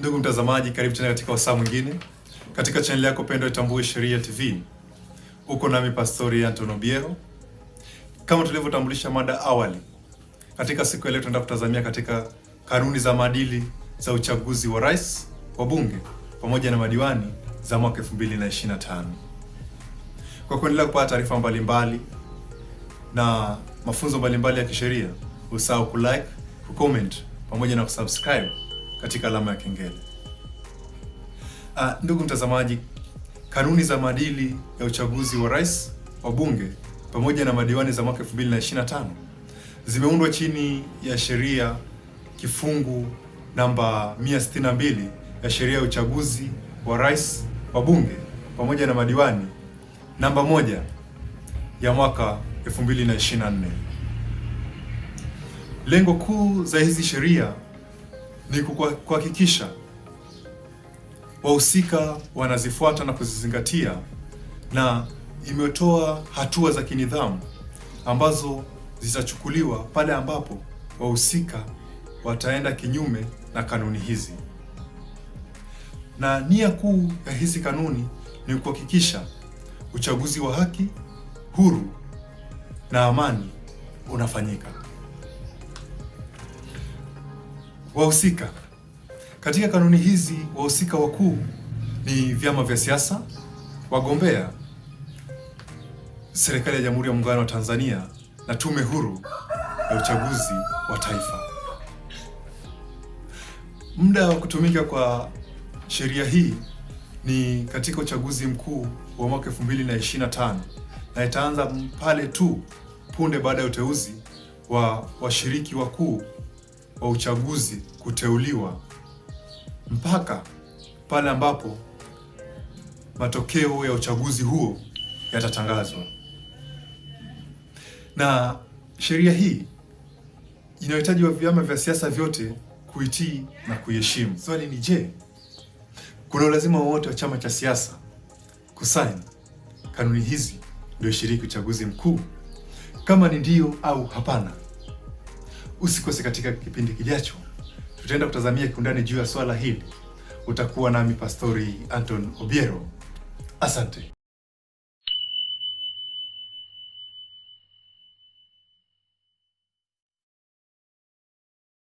Ndugu mtazamaji, karibu tena katika wasaa mwingine katika chaneli yako pendwa Itambue Sheria TV. Uko nami Pastori Anton Obiero. Kama tulivyotambulisha mada awali, katika siku ya leo tunaenda kutazamia katika kanuni za maadili za uchaguzi wa rais, bunge pamoja na madiwani za mwaka 2025. Kwa kuendelea kupata taarifa mbalimbali na mafunzo mbalimbali ya kisheria, usahau kulike, kucomment pamoja na kusubscribe katika alama ya kengele. Ah, ndugu mtazamaji, kanuni za maadili ya uchaguzi wa rais, wa bunge pamoja na madiwani za mwaka 2025 zimeundwa chini ya sheria kifungu namba 162 ya sheria ya uchaguzi wa rais, wa bunge pamoja na madiwani namba moja ya mwaka 2024. Lengo kuu za hizi sheria ni kuhakikisha wahusika wanazifuata na kuzizingatia, na imetoa hatua za kinidhamu ambazo zitachukuliwa pale ambapo wahusika wataenda kinyume na kanuni hizi. Na nia kuu ya hizi kanuni ni kuhakikisha uchaguzi wa haki, huru na amani unafanyika. Wahusika katika kanuni hizi, wahusika wakuu ni vyama vya siasa, wagombea, serikali ya Jamhuri ya Muungano wa Tanzania na Tume Huru ya Uchaguzi wa Taifa. Muda wa kutumika kwa sheria hii ni katika uchaguzi mkuu wa mwaka 2025 na itaanza pale tu punde baada ya uteuzi wa washiriki wakuu wa uchaguzi kuteuliwa mpaka pale ambapo matokeo ya uchaguzi huo yatatangazwa. Na sheria hii inahitaji wa vyama vya siasa vyote kuitii na kuiheshimu. Swali ni je, kuna ulazima wowote wa chama cha siasa kusaini kanuni hizi ndio shiriki uchaguzi mkuu? Kama ni ndio au hapana, Usikose katika kipindi kijacho, tutaenda kutazamia kiundani juu ya swala hili. Utakuwa nami Pastori Anton Obiero. Asante.